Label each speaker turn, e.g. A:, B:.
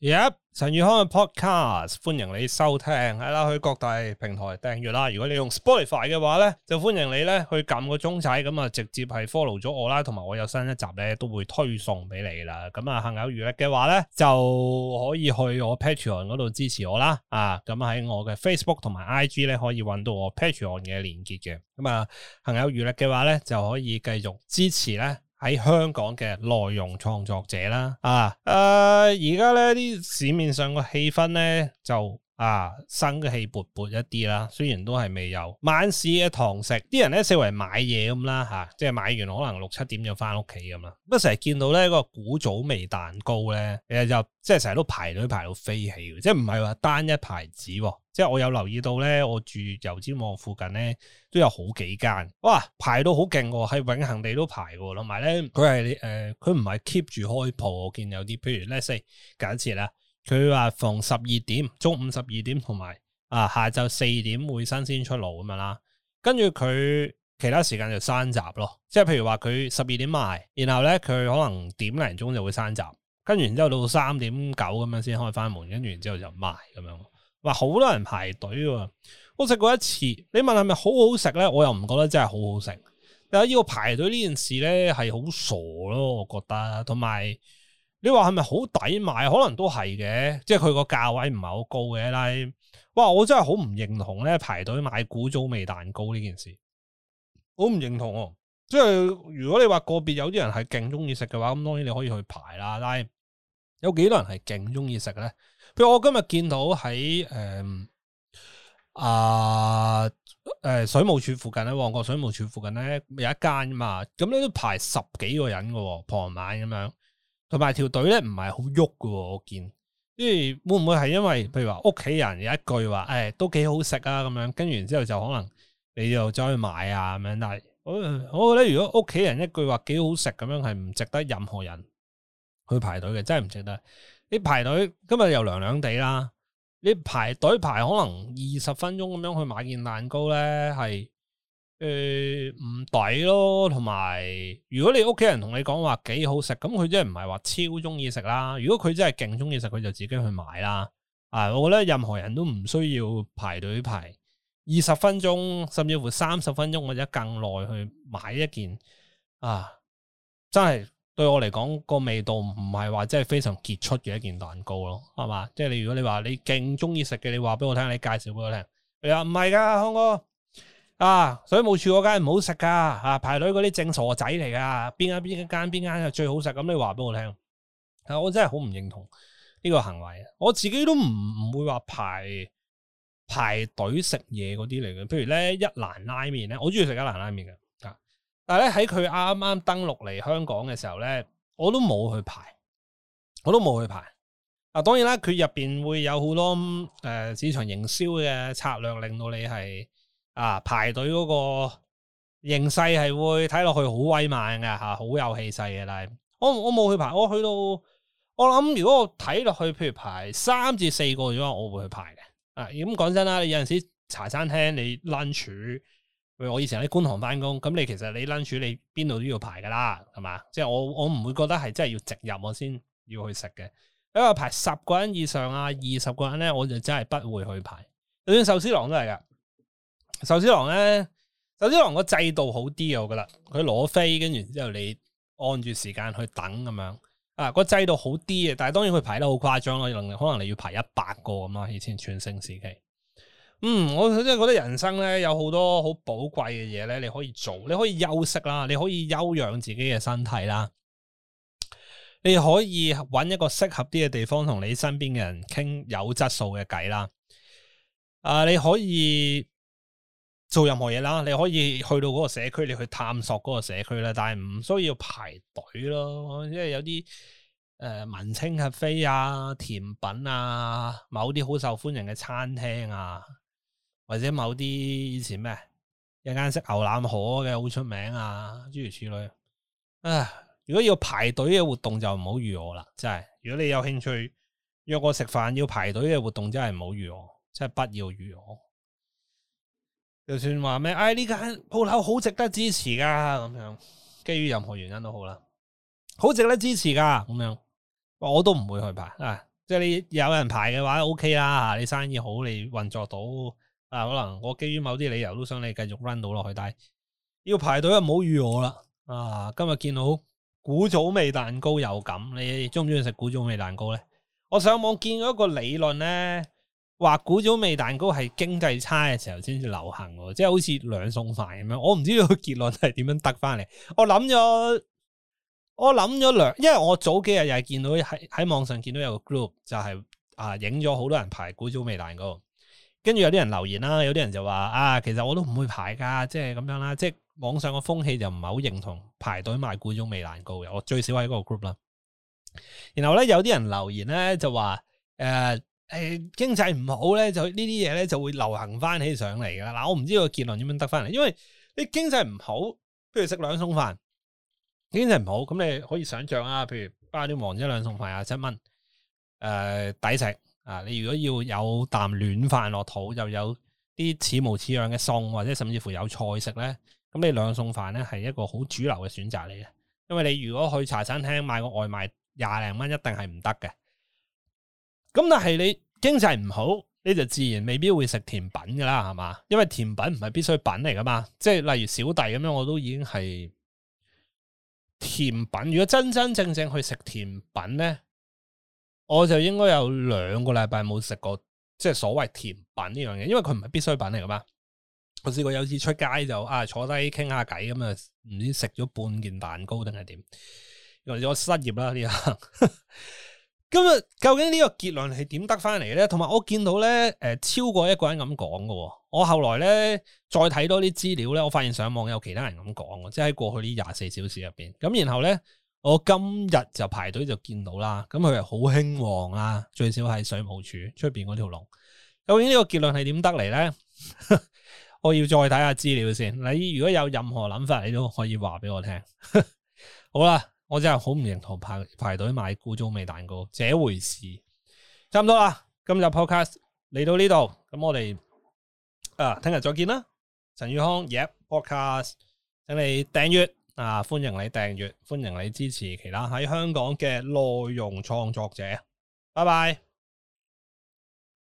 A: 耶！陳宇、yep, 康嘅 podcast，歡迎你收聽，係啦，去各大平台訂閱啦。如果你用 Spotify 嘅話咧，就歡迎你咧去撳個鐘仔，咁啊直接係 follow 咗我啦，同埋我有新一集咧都會推送俾你啦。咁啊，行有餘力嘅話咧，就可以去我 Patreon 嗰度支持我啦。啊，咁喺我嘅 Facebook 同埋 IG 咧可以揾到我 Patreon 嘅連結嘅。咁啊，行有餘力嘅話咧，就可以繼續支持咧。喺香港嘅內容創作者啦，啊，誒而家咧啲市面上嘅氣氛咧就～啊，生嘅氣勃勃一啲啦，雖然都係未有晚市嘅堂食，啲人咧四圍買嘢咁啦嚇，即係買完可能六七點就翻屋企咁啦。不過成日見到咧個古早味蛋糕咧，其實就即係成日都排隊排到飛起嘅，即係唔係話單一牌子喎。即係我有留意到咧，我住油尖旺附近咧都有好幾間，哇，排到好勁喎，喺永恆地都排過，同埋咧佢係誒佢唔係 keep 住開鋪，我見有啲譬如 let's say 假設啦。佢話逢十二點，中午十二點同埋啊下晝四點會新鮮出爐咁樣啦，跟住佢其他時間就閂閘咯。即係譬如話佢十二點賣，然後咧佢可能點零鐘就會閂閘，跟住之後到三點九咁樣先開翻門，跟住然之後就賣咁樣。話好多人排隊喎，我食過一次，你問係咪好好食咧，我又唔覺得真係好好食。但係要排隊呢件事咧係好傻咯，我覺得同埋。你話係咪好抵買？可能都係嘅，即係佢個價位唔係好高嘅。但係，哇！我真係好唔認同咧，排隊買古早味蛋糕呢件事，好唔認同喎。即係如果你話個別有啲人係勁中意食嘅話，咁當然你可以去排啦。但係有幾多人係勁中意食咧？譬如我今日見到喺誒啊誒水務處附近咧，旺角水務處附近咧有一間咋嘛，咁你都排十幾個人㗎，傍晚咁樣。同埋條隊咧唔係好喐㗎，我見，即係會唔會係因為譬如話屋企人有一句話，誒、哎、都幾好食啊咁樣，跟住之後就可能你又再去買啊咁樣。但係我我覺得如果屋企人一句話幾好食咁樣，係唔值得任何人去排隊嘅，真係唔值得。你排隊今日又涼涼地啦，你排隊排可能二十分鐘咁樣去買件蛋糕咧，係。誒，唔抵、欸、咯，同埋如果你屋企人同你講話幾好食，咁佢真係唔係話超中意食啦。如果佢真係勁中意食，佢就自己去買啦。啊，我覺得任何人都唔需要排隊排二十分鐘，甚至乎三十分鐘或者更耐去買一件啊，真係對我嚟講，個味道唔係話真係非常傑出嘅一件蛋糕咯，係嘛？即係你如果你話你勁中意食嘅，你話俾我我聽，你介紹俾我聽。呀，唔係噶，康哥。啊！水務署嗰間唔好食噶，啊，排隊嗰啲正傻仔嚟噶。邊間邊間間邊間係最好食？咁你話俾我聽。我真係好唔認同呢個行為。我自己都唔唔會話排排隊食嘢嗰啲嚟嘅。譬如咧，一蘭拉麵咧，我中意食一蘭拉麵嘅。啊，但係咧喺佢啱啱登陸嚟香港嘅時候咧，我都冇去排，我都冇去排。啊，當然啦，佢入邊會有好多誒、呃、市場營銷嘅策略，令到你係。啊！排隊嗰個形勢係會睇落去好威猛嘅吓、啊，好有氣勢嘅啦。我我冇去排，我去到我諗，如果我睇落去，譬如排三至四個左右，我會去排嘅。啊，咁講真啦，你有陣時茶餐廳你 lunch，譬如我以前喺觀塘翻工，咁你其實你 lunch 你邊度都要排嘅啦，係嘛？即係我我唔會覺得係真係要直入我先要去食嘅。因為排十個人以上啊，二十個人咧，我就真係不會去排。就算壽司郎都係噶。壽司郎咧，壽司郎個制度好啲啊。我覺得佢攞飛，跟住之後你按住時間去等咁樣，啊個制度好啲啊，但係當然佢排得好誇張啦，可能你要排一百個咁咯，以前全盛時期。嗯，我真係覺得人生咧有好多好寶貴嘅嘢咧，你可以做，你可以休息啦，你可以休養自己嘅身體啦，你可以揾一個適合啲嘅地方同你身邊嘅人傾有質素嘅偈啦，啊你可以。做任何嘢啦，你可以去到嗰個社區，你去探索嗰個社區啦，但係唔需要排隊咯。因為有啲誒、呃，文青咖啡啊，甜品啊，某啲好受歡迎嘅餐廳啊，或者某啲以前咩，有間食牛腩河嘅好出名啊，諸如此類。啊，如果要排隊嘅活動就唔好預我啦，真係。如果你有興趣約我食飯要排隊嘅活動，真係唔好預我，真係不要預我。就算話咩，哎呢間鋪頭好值得支持噶，咁樣基於任何原因都好啦，好值得支持噶，咁樣我都唔會去排啊。即係你有人排嘅話，OK 啦吓，你生意好，你運作到啊，可能我基於某啲理由都想你繼續 run 到落去，但係要排隊就唔好預我啦。啊，今日見到古早味蛋糕又咁，你鍾唔鍾意食古早味蛋糕咧？我上網見到一個理論咧。話古早味蛋糕係經濟差嘅時候先至流行，即係好似兩餸飯咁樣。我唔知道結論係點樣得翻嚟。我諗咗，我諗咗兩，因為我早幾日又係見到喺喺網上見到有個 group 就係啊，影咗好多人排古早味蛋糕，跟住有啲人留言啦，有啲人就話啊，其實我都唔會排噶，即係咁樣啦。即係網上個風氣就唔係好認同排隊賣古早味蛋糕嘅。我最少喺嗰個 group 啦。然後咧有啲人留言咧就話誒。呃誒，經濟唔好咧，就呢啲嘢咧就會流行翻起上嚟噶啦。嗱，我唔知道結論點樣得翻嚟，因為你經濟唔好，譬如食兩餸飯，經濟唔好，咁你可以想象啊。譬如包啲王一兩餸飯廿七蚊，誒、呃，抵食啊！你如果要有啖暖飯落肚，又有啲似模似樣嘅餸，或者甚至乎有菜食咧，咁你兩餸飯咧係一個好主流嘅選擇嚟嘅。因為你如果去茶餐廳買個外賣廿零蚊，一定係唔得嘅。咁但係你經濟唔好，你就自然未必會食甜品噶啦，係嘛？因為甜品唔係必需品嚟噶嘛，即係例如小弟咁樣，我都已經係甜品。如果真真正正去食甜品咧，我就應該有兩個禮拜冇食過，即係所謂甜品呢樣嘢，因為佢唔係必需品嚟噶嘛。我試過有次出街就啊坐低傾下偈咁啊，唔知食咗半件蛋糕定係點，或者我失業啦呢 今日究竟呢個結論係點得翻嚟咧？同埋我見到咧，誒、呃、超過一個人咁講嘅。我後來咧再睇多啲資料咧，我發現上網有其他人咁講嘅，即係喺過去呢廿四小時入邊。咁然後咧，我今日就排隊就見到啦。咁佢係好興旺啦、啊，最少係水務署出邊嗰條龍。究竟呢個結論係點得嚟咧？ 我要再睇下資料先。你如果有任何諗法，你都可以話俾我聽。 好啦。我真係好唔認同排排隊買古早味蛋糕，這回事。差唔多啦，今日 podcast 嚟到呢度，咁我哋啊，聽日再見啦，陳宇康。Yes，podcast，、yeah, 請你訂閱啊，歡迎你訂閱，歡迎你支持其他喺香港嘅內容創作者。拜拜。